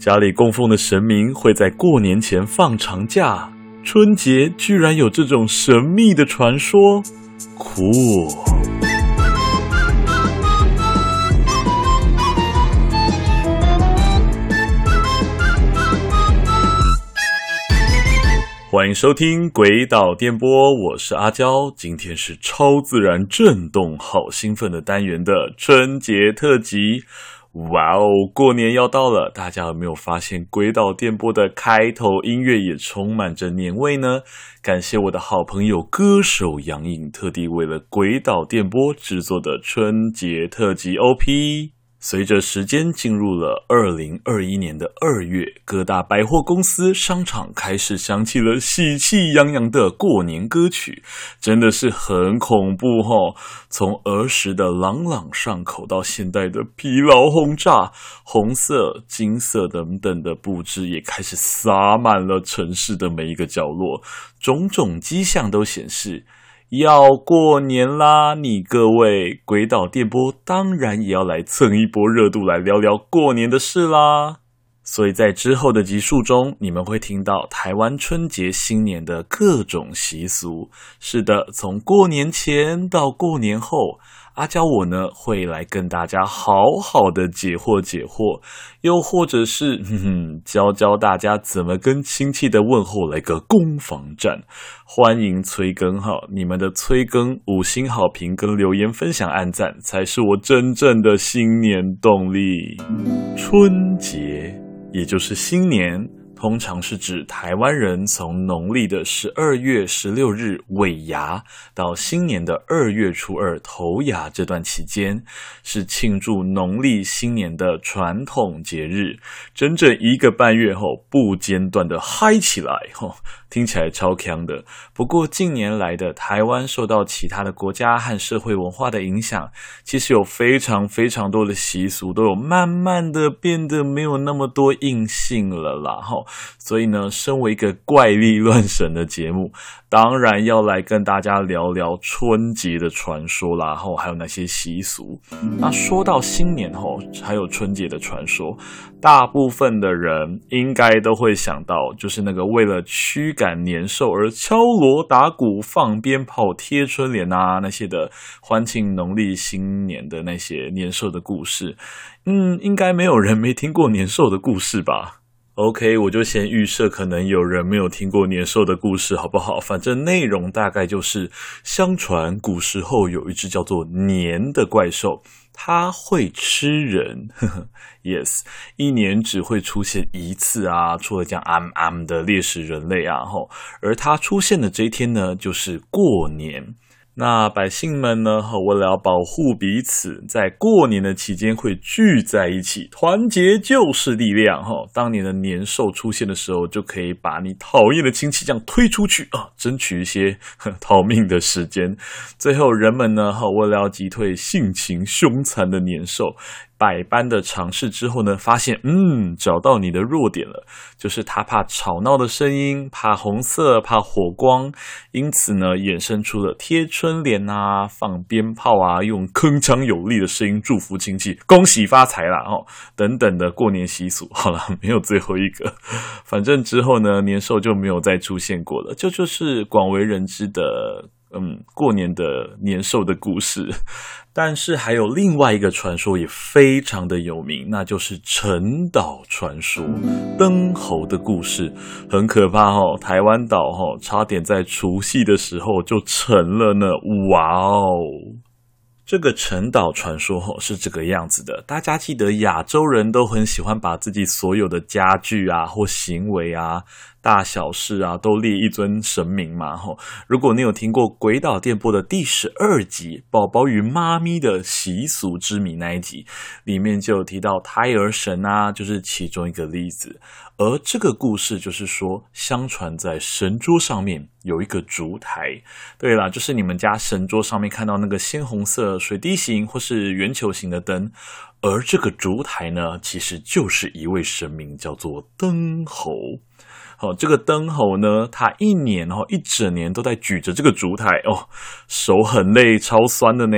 家裡供奉的神明會在過年前放長假，春節居然有這種神秘的傳說，酷！歡迎收聽《詭島電波》，我是阿嬌，今天是超自然震動，好興奮的單元的春節特輯。哇哦，過年要到了，大家有沒有發現《詭島電波》的開頭音樂也充滿着年味呢？感謝我的好朋友歌手楊穎特地為了《詭島電波》制作的春節特輯 OP。隨着時間進入了二零二一年的二月，各大百貨公司、商場開始響起了喜氣洋洋的過年歌曲，真的是很恐怖哈、哦！從兒時的朗朗上口到現代的疲勞轟炸，紅色、金色等等的布置也開始灑滿了城市的每一個角落，種種跡象都顯示。要過年啦，你各位詭島電波當然也要來蹭一波熱度，來聊聊過年的事啦。所以在之後的集數中，你們會聽到台灣春節新年的各種習俗。是的，從過年前到過年後。阿嬌我呢，會來跟大家好好的解惑解惑，又或者是哼哼，教教大家怎麼跟親戚的問候來個攻防戰。歡迎催更哈，你們的催更五星好評跟留言分享按讚，才是我真正的新年動力。春節也就是新年。通常是指台灣人從農曆的十二月十六日尾牙到新年的二月初二頭牙這段期間，是慶祝農曆新年的傳統節日。整整一個半月後，不間斷的嗨起來，吼，聽起來超強的。不過，近年來的台灣受到其他的國家和社會文化的影響，其實有非常非常多的習俗都有慢慢的變得沒有那麼多硬性了啦，吼。所以呢，身為一個怪力亂神的節目，當然要來跟大家聊聊春節的傳說啦，然後還有那些習俗。嗯。那說到新年吼，還有春節的傳說，大部分的人應該都會想到，就是那個為了驅趕年獸而敲鑼打鼓、放鞭炮、貼春聯啊，那些的歡慶農曆新年的那些年獸的故事。嗯，應該沒有人沒聽過年獸的故事吧？OK，我就先預設，可能有人沒有聽過年獸的故事，好不好？反正內容大概就是：相傳古時候有一隻叫做年的怪獸，它會吃人。呵 呵 Yes，一年只會出現一次啊，除了講 AM m 的獵食人類啊，吼，而它出現的這一天呢，就是過年。那百姓們呢？哈，為了要保護彼此，在過年的期間會聚在一起，團結就是力量。吼，當年的年獸出現的時候，就可以把你討厭的親戚這樣推出去啊，爭取一些逃命的時間。最後，人們呢？哈，為了要擊退性情凶殘的年獸。百般的嘗試之後呢，發現，嗯，找到你的弱點了，就是他怕吵鬧的聲音，怕紅色，怕火光，因此呢，衍生出了貼春聯啊，放鞭炮啊，用鏗鏘有力的聲音祝福親戚，恭喜發財啦，哦，等等的過年習俗。好了，沒有最後一個，反正之後呢，年獸就沒有再出現過了，這就，就是廣為人知的。嗯，過年的年獸的故事，但是還有另外一個傳說也非常的有名，那就是沉島傳說，燈猴的故事，很可怕哦，台灣島哦，差點在除夕的時候就沉了呢。哇哦，這個沉島傳說是這個樣子的，大家記得，亞洲人都很喜歡把自己所有的家具啊或行為啊。大小事啊，都立一尊神明嘛，吼、哦！如果你有聽過《鬼島電波》的第十二集“寶寶與媽咪的習俗之謎”那一集，裡面就有提到胎兒神啊，就是其中一個例子。而這個故事就是說，相傳在神桌上面有一個燭台，對啦，就是你們家神桌上面看到那個鮮紅色水滴形或是圓球形的燈，而這個燭台呢，其實就是一位神明，叫做燈猴。好、哦，這個燈猴呢，它，一年哦，一整年都在舉着這個燭台哦，手很累，超酸的呢。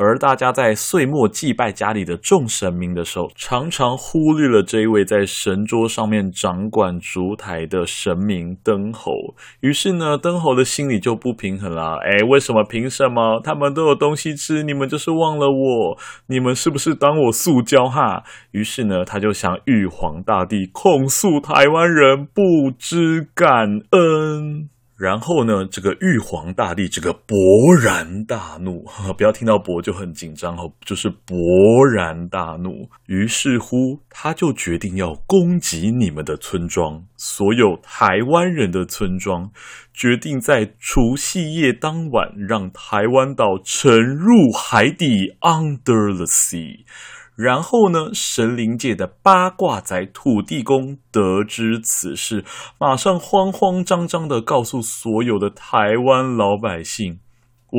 而大家在歲末祭拜家裡的眾神明的時候，常常忽略了這一位在神桌上面掌管燭台的神明燈猴。於是呢，燈猴的心裡就不平衡啦。誒、欸，為什麼？憑什麼？他們都有東西吃，你們就是忘了我。你們是不是當我塑膠哈？於是呢，他就向玉皇大帝控訴台灣人不知感恩。然後呢，這個玉皇大帝這個勃然大怒，呵呵，不要聽到勃就很緊張哦，就是勃然大怒。於是乎，他就決定要攻擊你們的村莊，所有台灣人的村莊，決定在除夕夜當晚讓台灣島沉入海底，Under the Sea。然後呢，神靈界的八卦仔土地公得知此事，馬上慌慌張張地告訴所有的台灣老百姓：“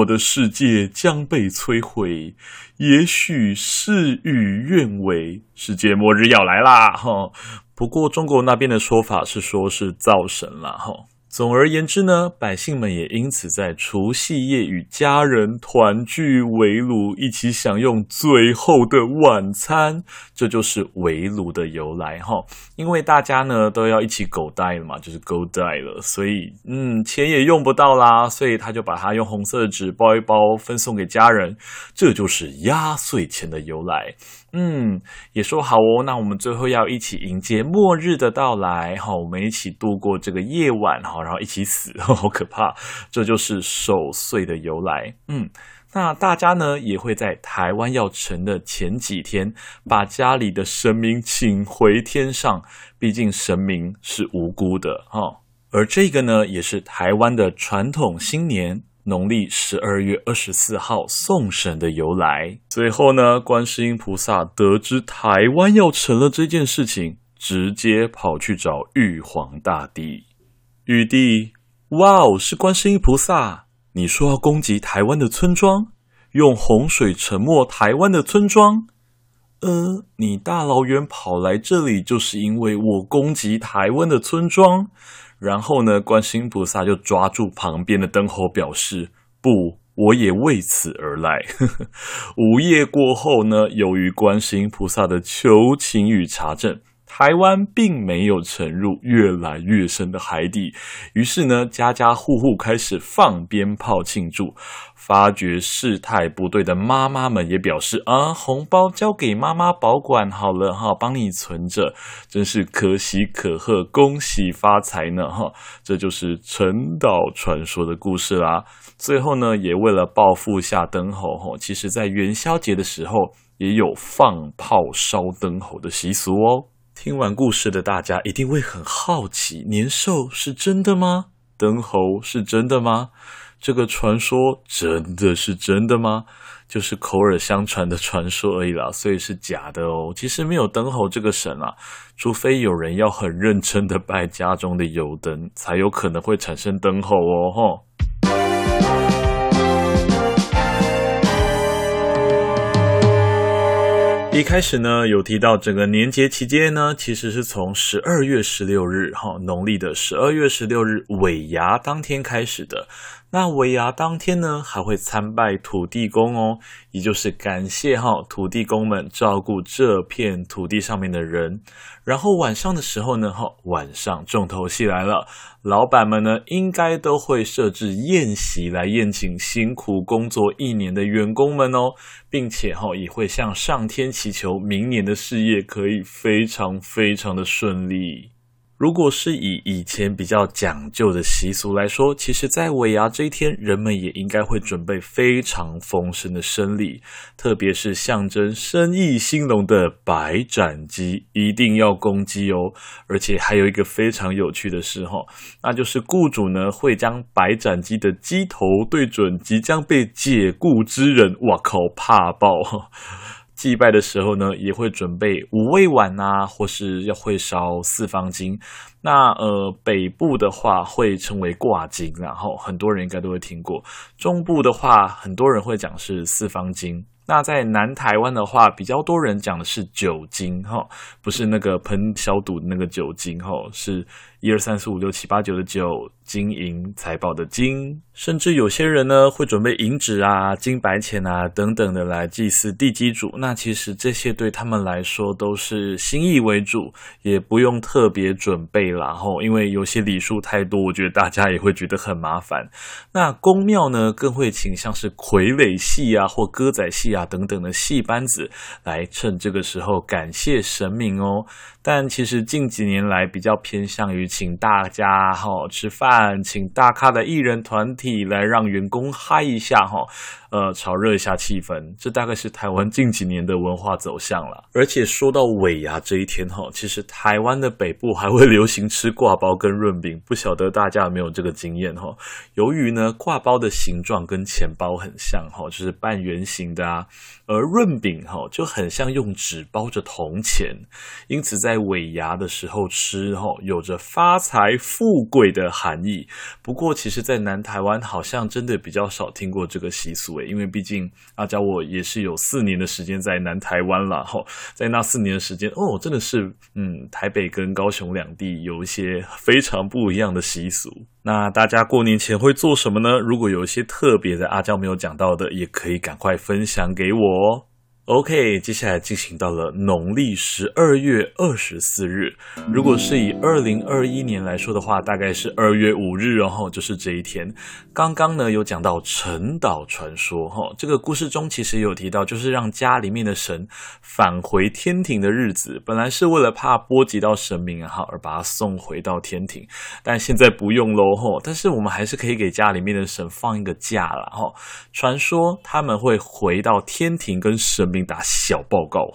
我的世界將被摧毀，也許事與願違，世界末日要來啦！”哈，不過中國那邊的說法是說是灶神了，哈。總而言之呢，百姓們也因此在除夕夜與家人團聚圍爐，一起享用最後的晚餐，這就是圍爐的由來哈。因為大家呢都要一起狗帶了嘛，就是狗帶了，所以嗯錢也用不到啦，所以他就把它用紅色的紙包一包，分送給家人，這就是壓歲錢的由來。嗯，也說好哦。那我們最後要一起迎接末日的到來，哈、哦，我們一起度過這個夜晚，哈，然後一起死、哦，好可怕。這就是守歲的由來。嗯，那大家呢也會在台灣要成的前幾天，把家裡的神明請回天上，畢竟神明是無辜的，哈、哦。而這個呢，也是台灣的傳統新年農曆十二月二十四號送神的由來。最後呢，觀世音菩薩得知台灣要成了這件事情，直接跑去找玉皇大帝。玉帝，哇哦，是觀世音菩薩，你說要攻擊台灣的村莊，用洪水沉沒台灣的村莊？呃，你大老遠跑來這裡，就是因為我攻擊台灣的村莊？然後呢，觀世音菩薩就抓住旁邊的燈火，表示不，我也為此而來。呵呵。午夜過後呢，由於觀世音菩薩的求情與查證，台灣並沒有沉入越來越深的海底，於是呢，家家戶戶開始放鞭炮慶祝。發覺事態不對的媽媽們也表示：“啊，紅包交給媽媽保管好了哈，幫你存着，真是可喜可賀，恭喜發財呢哈。”這就是沉島傳說的故事啦。最後呢，也為了報復下燈猴，其實，在元宵節的時候也有放炮燒燈猴的習俗哦。聽完故事的大家一定會很好奇，年獸是真的嗎？燈猴是真的嗎？這個傳說真的是真的嗎？就是口耳相傳的傳說而已啦，所以是假的哦。其實沒有燈猴這個神啊，除非有人要很認真的拜家中的油燈，才有可能會產生燈猴哦。齁。一開始呢，有提到整個年節期間呢，其實是從十二月十六日，哈，農曆的十二月十六日尾牙當天開始的。那尾牙當天呢，還會參拜土地公哦，也就是感謝哈土地公們照顧這片土地上面的人。然後晚上的時候呢，哈晚上重頭戲來了，老闆們呢應該都會設置宴席來宴請辛苦工作一年的員工們哦，並且哈也會向上天祈求明年的事業可以非常非常的順利。如果是以以前比較講究的習俗來說，其實，在尾牙這一天，人們也應該會準備非常豐盛的牲禮，特別是象徵生意興隆的白斬雞，一定要公雞哦。而且還有一個非常有趣的事哈，那就是雇主呢會將白斬雞的雞頭對準即將被解雇之人，哇靠，怕爆！祭拜的時候呢，也會準備五味碗啊，或是要會燒四方金。那呃，北部的話會稱為掛金、啊，然後很多人應該都會聽過。中部的話，很多人會講是四方金。那在南台灣的話，比較多人講的是九金，齁，不是那個噴消毒的那個酒精，齁，是，一二三四五六七八九的九，9，金銀財寶的金，甚至有些人呢會準備銀紙啊、金白錢啊等等的來祭祀地基主。那其實這些對他們來說都是心意為主，也不用特別準備，然後、哦、因為有些禮數太多，我覺得大家也會覺得很麻煩。那宮廟呢，更會請像是傀儡戲啊或歌仔戲啊等等的戲班子來趁這個時候感謝神明哦。但其實近幾年來比較偏向於。請大家哈、哦、吃飯，請大咖的藝人團體來讓員工嗨一下哈、哦，呃，炒熱一下氣氛，這大概是台灣近幾年的文化走向了。而且說到尾牙這一天哈，其實台灣的北部還會流行吃刈包跟潤餅，不曉得大家有沒有這個經驗哈？由於呢刈包的形狀跟錢包很像哈，就是半圓形的啊，而潤餅哈就很像用紙包着銅錢，因此在尾牙的時候吃哈，有着。發財富貴的含義。不過，其實，在南台灣好像真的比較少聽過這個習俗誒，因為畢竟阿嬌我也是有四年的時間在南台灣了吼，在那四年的時間，哦，真的是，嗯，台北跟高雄兩地有一些非常不一樣的習俗。那大家過年前會做什麼呢？如果有一些特別的阿嬌沒有講到的，也可以趕快分享給我哦。OK，接下來進行到了農曆十二月二十四日。如果是以二零二一年來說的話，大概是二月五日哦，就是這一天。剛剛呢，有講到陳島傳說，哦，這個故事中其實也有提到，就是讓家裡面的神返回天庭的日子，本來是為了怕波及到神明啊，哈，而把他送回到天庭，但現在不用嘍，哦，但是我們還是可以給家裡面的神放一個假了，哦，傳說他們會回到天庭跟神明打小報告，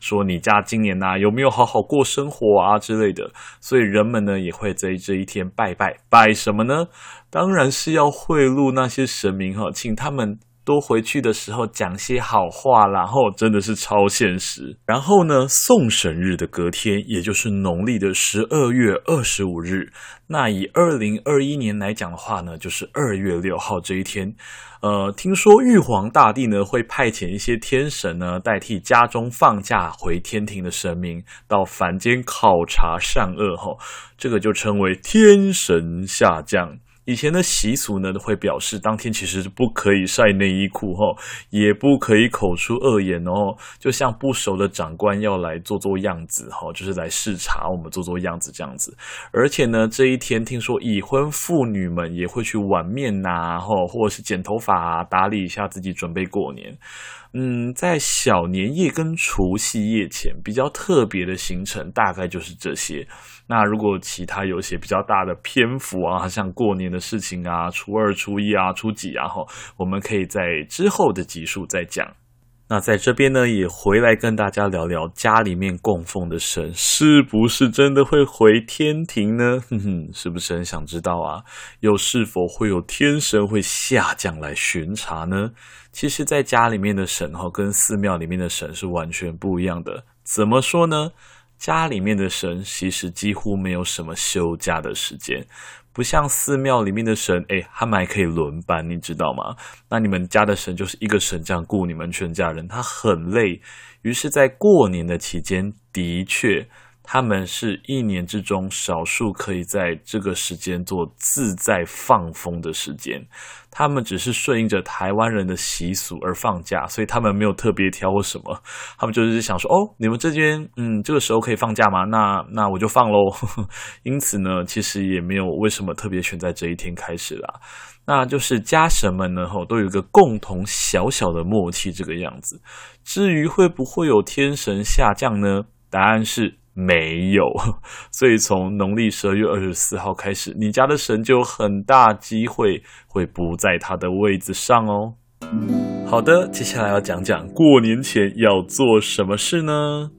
說你家今年吶、啊、有沒有好好過生活啊之類的，所以人們呢也會在這一天拜拜，拜什麼呢？當然是要賄賂那些神明，哈，請他們。都回去的時候講些好話啦，然後，哦，真的是超現實。然後呢，送神日的隔天，也就是農曆的十二月二十五日，那以二零二一年來講的話呢，就是二月六號這一天。呃，聽說玉皇大帝呢會派遣一些天神呢，代替家中放假回天庭的神明，到凡間考察善惡，吼，哦，這個就稱為天神下降。以前的習俗呢，會表示當天其實不可以曬內衣褲，也不可以口出惡言哦。就像不熟的長官要來做做樣子，就是來視察我們做做樣子這樣子。而且呢，這一天聽說已婚婦女們也會去挽面、啊、或者是剪頭髮、啊，打理一下自己，準備過年。嗯，在小年夜跟除夕夜前比較特別的行程，大概就是這些。那如果其他有些比較大的篇幅啊，像過年的事情啊、初二、初一啊、初幾啊吼，我們可以在之後的集數再講。那在這邊呢，也回來跟大家聊聊家裡面供奉的神是不是真的會回天庭呢？哼哼，是不是很想知道啊？又是否會有天神會下降來巡查呢？其實，在家裡面的神吼，跟寺廟裡面的神是完全不一樣的。怎麼說呢？家裡面的神其實幾乎沒有什麼休假的時間，不像寺廟裡面的神，哎、欸，他們還可以輪班，你知道嗎？那你們家的神就是一個神這樣僱你們全家人，他很累。於是，在過年的期間，的確。他們是一年之中少數可以在這個時間做自在放風的時間，他們只是順應着台灣人的習俗而放假，所以他們沒有特別挑什麼，他們就是想說：“哦，你們這邊嗯這個時候可以放假嗎？”那那我就放嘍。 因此呢，其實也沒有為什麼特別選在這一天開始啦。那就是家神們呢，都有一個共同小小的默契，這個樣子。至於會不會有天神下降呢？答案是。沒有，所以從農曆十二月二十四號開始，你家的神就有很大機會會不在他的位子上哦。好的，接下來要講講過年前要做什麼事呢？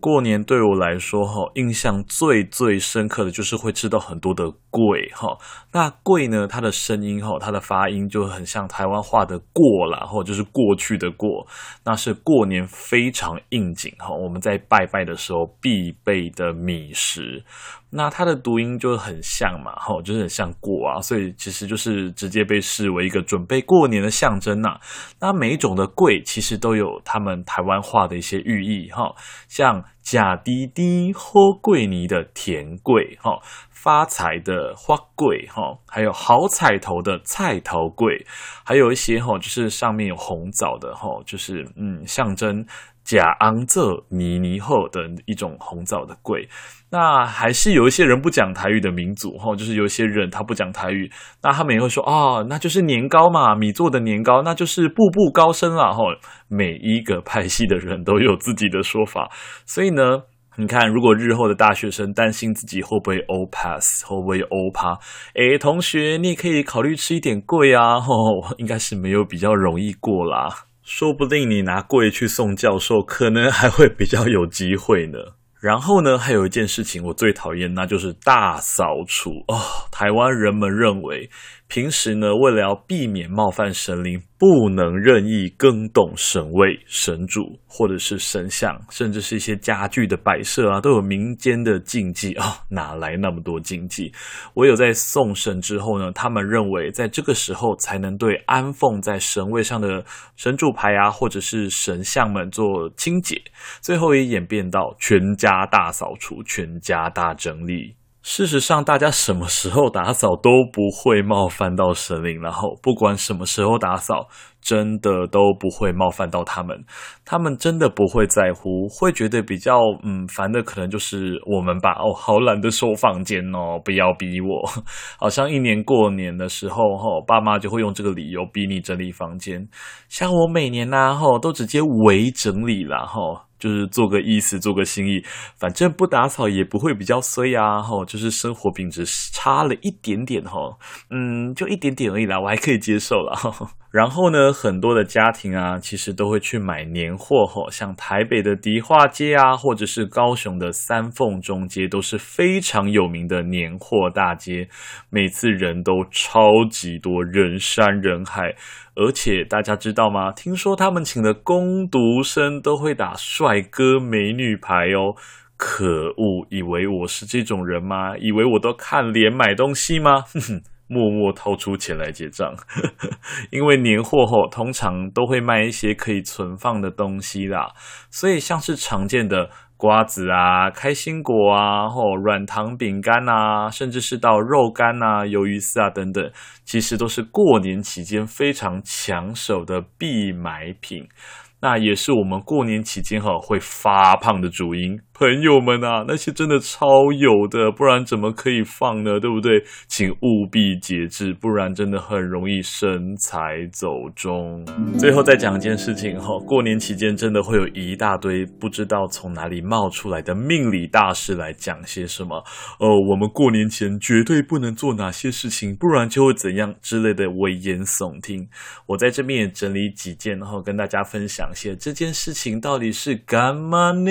過年對我來說哈，印象最最深刻的就是會吃到很多的粿哈。那粿呢，它的聲音哈，它的發音就很像台灣話的「過」啦，或就是過去的「過」，那是過年非常應景哈。我們在拜拜的時候必備的米食。那它的讀音就很像嘛，齁，就是很像“過”啊，所以其實就是直接被視為一個準備過年的象徵吶、啊。那每一種的粿其實都有他們台灣話的一些寓意，齁，像“假滴滴喝桂泥”的甜粿，齁，發財的花粿，齁，還有好彩頭的菜頭粿，還有一些齁，就是上面有紅棗的，齁，就是嗯，象徵“假昂蔗泥泥後”的一種紅棗的粿。那還是有一些人不講台語的民族，齁，就是有一些人他不講台語，那他們也會說哦，那就是年糕嘛，米做的年糕，那就是步步高升啦，齁。每一個派系的人都有自己的說法，所以呢，你看，如果日後的大學生擔心自己會不會 O pass，會不會 O 趴，誒，同學，你可以考慮吃一點粿啊，齁，應該是沒有比較容易過啦，說不定你拿粿去送教授，可能還會比較有機會呢。然後呢，還有一件事情我最討厭，那就是大掃除。哦，台灣人們認為。平時呢，為了要避免冒犯神靈，不能任意更動神位、神主或者是神像，甚至是一些家具的擺設啊，都有民間的禁忌啊。哦，哪來那麼多禁忌？唯有在送神之後呢，他們認為在這個時候才能對安放在神位上的神主牌啊，或者是神像們做清潔。最後也演變到全家大掃除、全家大整理。事實上，大家什麼時候打掃都不會冒犯到神靈。然後，不管什麼時候打掃，真的都不會冒犯到他們。他們真的不會在乎，會覺得比較嗯煩的，可能就是我們吧。哦，好懶得收房間哦，不要逼我。好像一年過年的時候，哦，爸媽就會用這個理由逼你整理房間。像我每年吶，哦，都直接圍整理啦。哦。就是做個意思，做個心意，反正不打掃也不會比較衰啊，吼，就是生活品質差了一點點，吼，嗯，就一點點而已啦，我還可以接受了。 然後呢，很多的家庭啊，其實都會去買年貨，吼，像台北的迪化街啊，或者是高雄的三鳳中街，都是非常有名的年貨大街，每次人都超級多，人山人海。而且大家知道嗎？聽說他們請的工讀生都會打帥哥美女牌哦！可惡，以為我是這種人嗎？以為我都看臉買東西嗎？呵呵，默默掏出錢來結賬， 因為年貨後通常都會賣一些可以存放的東西啦，所以像是常見的。瓜子啊，開心果啊，吼、哦，軟糖、餅乾吶、啊，甚至是到肉乾吶、啊、魷魚絲啊等等，其實都是過年期間非常搶手的必買品，那也是我們過年期間哈會發胖的主因。朋友們啊，那些真的超有的，不然怎麼可以放呢？對不對？請務必節制，不然真的很容易身材走鐘、嗯。最後再講一件事情哈、哦，過年期間真的會有一大堆不知道從哪裡冒出來的命理大師來講些什麼，呃、哦，我們過年前絕對不能做哪些事情，不然就會怎樣之類的危言聳聽。我在這邊也整理幾件，然、哦、後跟大家分享些這件事情到底是幹嘛呢？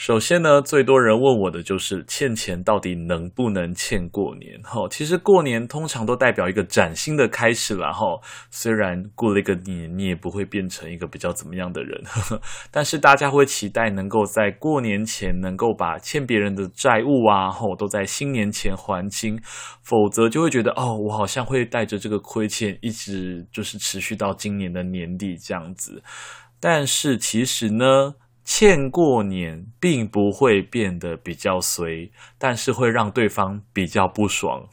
首先呢，最多人問我的就是欠錢到底能不能欠過年？哈、哦，其實過年通常都代表一個嶄新的開始啦、哦，雖然過了一個年，你也不會變成一個比較怎麼樣的人，呵呵，但是大家會期待能夠在過年前能夠把欠別人的債務啊，哦、都在新年前還清，否則就會覺得哦，我好像會帶着這個虧欠一直就是持續到今年的年底這樣子。但是其實呢。欠過年並不會變得比較衰，但是會讓對方比較不爽，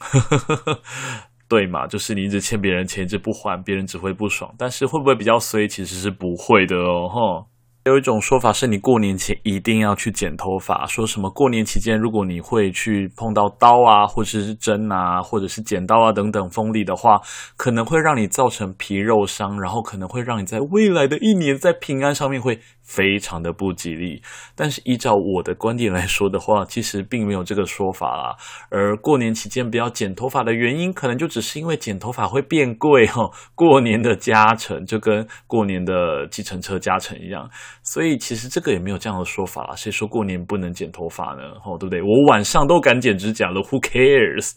對嘛，就是你一直欠別人錢一直不還，別人只會不爽，但是會不會比較衰其實是不會的哦，齁。有一種說法是你過年前一定要去剪頭髮，說什麼過年期間如果你會去碰到刀啊，或者是針啊，或者是剪刀啊等等鋒利的話，可能會讓你造成皮肉傷，然後可能會讓你在未來的一年在平安上面會非常的不吉利。但是依照我的觀點來說的話，其實並沒有這個說法啦。而過年期間不要剪頭髮的原因，可能就只是因為剪頭髮會變貴哦。過年的加成就跟過年的計程車加成一樣。所以其實這個也沒有這樣的說法啦，誰說過年不能剪頭髮呢？吼，對不對？我晚上都敢剪指甲了，Who cares？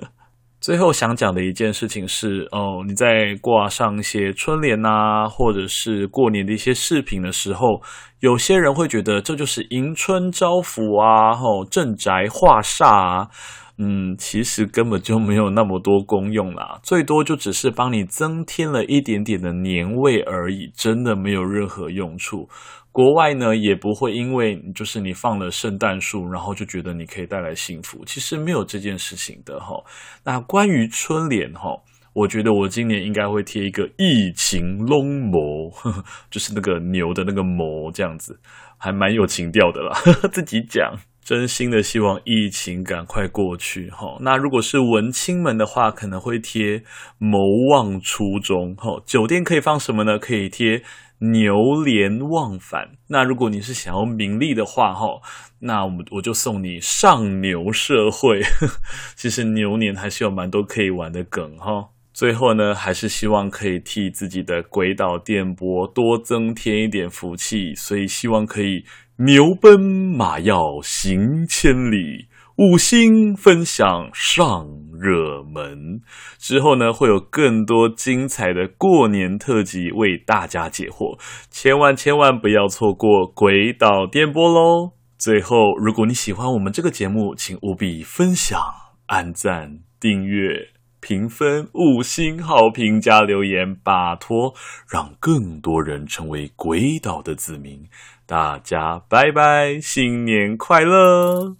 最後想講的一件事情是，哦，你在掛上一些春聯啊，或者是過年的一些飾品的時候，有些人會覺得這就是迎春招福啊，吼，鎮宅化煞啊。嗯，其實根本就沒有那麼多功用啦，最多就只是幫你增添了一點點的年味而已，真的沒有任何用處。國外呢，也不會因為就是你放了聖誕樹，然後就覺得你可以帶來幸福，其實沒有這件事情的齁。那關於春聯齁，我覺得我今年應該會貼一個“疫情龍膜”，就是那個牛的那個膜這樣子，還蠻有情調的啦，呵呵自己講。真心的希望疫情趕快過去哈。那如果是文青們的話，可能會貼“謀忘初衷”哈。酒店可以放什麼呢？可以貼“牛連忘返”。那如果你是想要名利的話哈，那我我就送你“上牛社會”。其實牛年還是有蠻多可以玩的梗哈。最後呢，還是希望可以替自己的鬼島電波多增添一點福氣，所以希望可以。牛奔馬要行千里，五星分享上熱門。之後呢，會有更多精彩的過年特輯為大家解惑，千萬千萬不要錯過詭島電波嘍！最後，如果你喜歡我們這個節目，請務必分享、按讚、訂閱。評分五星好評加留言，拜托，讓更多人成為詭島的子民。大家拜拜，新年快樂！